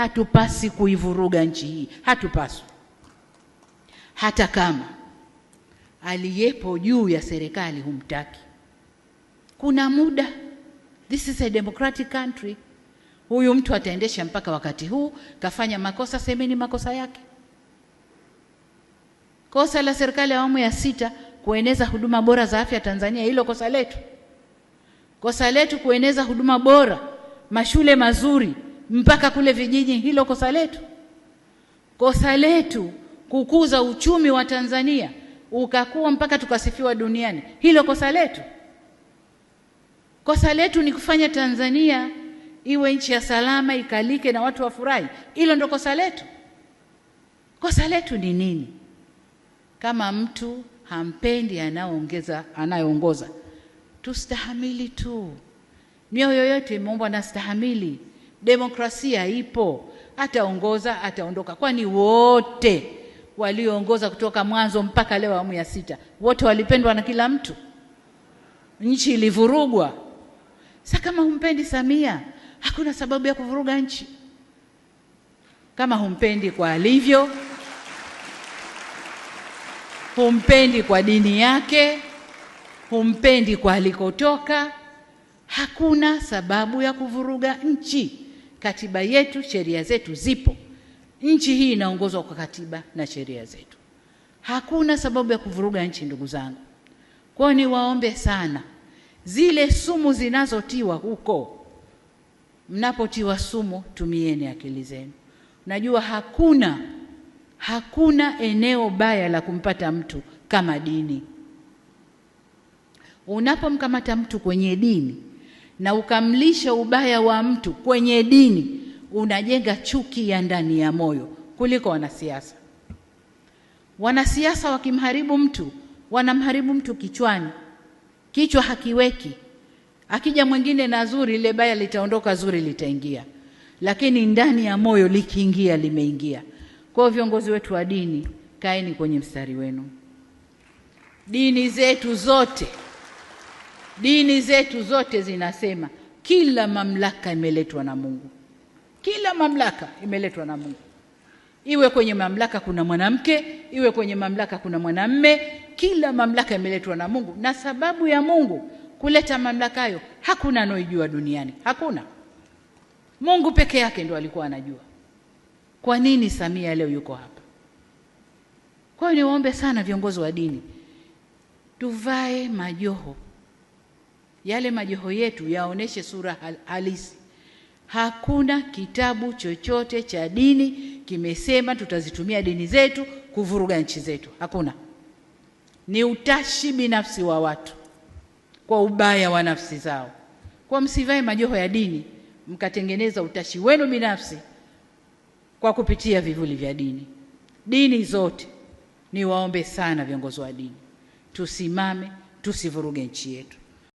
Hatupasi kuivuruga nchi hii, hatupaswi hata kama aliyepo juu ya serikali humtaki. Kuna muda, this is a democratic country. Huyu mtu ataendesha mpaka wakati huu. Kafanya makosa, semeni makosa yake. Kosa la serikali ya awamu ya sita kueneza huduma bora za afya Tanzania, hilo kosa letu. Kosa letu kueneza huduma bora, mashule mazuri mpaka kule vijiji. Hilo kosa letu, kosa letu kukuza uchumi wa Tanzania ukakuwa mpaka tukasifiwa duniani. Hilo kosa letu, kosa letu ni kufanya Tanzania iwe nchi ya salama, ikalike na watu wafurahi. Hilo ndo kosa letu. Kosa letu ni nini? Kama mtu hampendi anaongeza anayeongoza, tustahamili tu. Mioyo yote imeombwa na stahamili. Demokrasia ipo, ataongoza ataondoka. Kwani wote walioongoza kutoka mwanzo mpaka leo awamu ya sita, wote walipendwa na kila mtu? Nchi ilivurugwa. Sa kama humpendi Samia, hakuna sababu ya kuvuruga nchi. Kama humpendi kwa alivyo, humpendi kwa dini yake, humpendi kwa alikotoka, hakuna sababu ya kuvuruga nchi. Katiba yetu, sheria zetu zipo. Nchi hii inaongozwa kwa katiba na sheria zetu. Hakuna sababu ya kuvuruga nchi, ndugu zangu. Kwa hiyo niwaombe sana, zile sumu zinazotiwa huko, mnapotiwa sumu tumieni akili zenu. Najua hakuna hakuna eneo baya la kumpata mtu kama dini. Unapomkamata mtu kwenye dini na ukamlisha ubaya wa mtu kwenye dini, unajenga chuki ya ndani ya moyo kuliko wanasiasa. Wanasiasa wakimharibu mtu wanamharibu mtu kichwani, kichwa hakiweki. Akija mwingine na zuri, lile baya litaondoka, zuri litaingia, lakini ndani ya moyo likiingia, limeingia. Kwa hiyo viongozi wetu wa dini, kaeni kwenye mstari wenu. Dini zetu zote Dini zetu zote zinasema kila mamlaka imeletwa na Mungu, kila mamlaka imeletwa na Mungu. Iwe kwenye mamlaka kuna mwanamke, iwe kwenye mamlaka kuna mwanamme, kila mamlaka imeletwa na Mungu, na sababu ya Mungu kuleta mamlaka hayo hakuna anaijua duniani, hakuna. Mungu peke yake ndo alikuwa anajua. Kwa nini Samia leo yuko hapa? Kwa hiyo niwaombe sana viongozi wa dini, tuvae majoho yale majoho yetu yaoneshe sura hal halisi. Hakuna kitabu chochote cha dini kimesema tutazitumia dini zetu kuvuruga nchi zetu, hakuna. Ni utashi binafsi wa watu kwa ubaya wa nafsi zao. Kwa msivae majoho ya dini mkatengeneza utashi wenu binafsi kwa kupitia vivuli vya dini. Dini zote ni waombe sana viongozi wa dini, tusimame tusivuruge nchi yetu.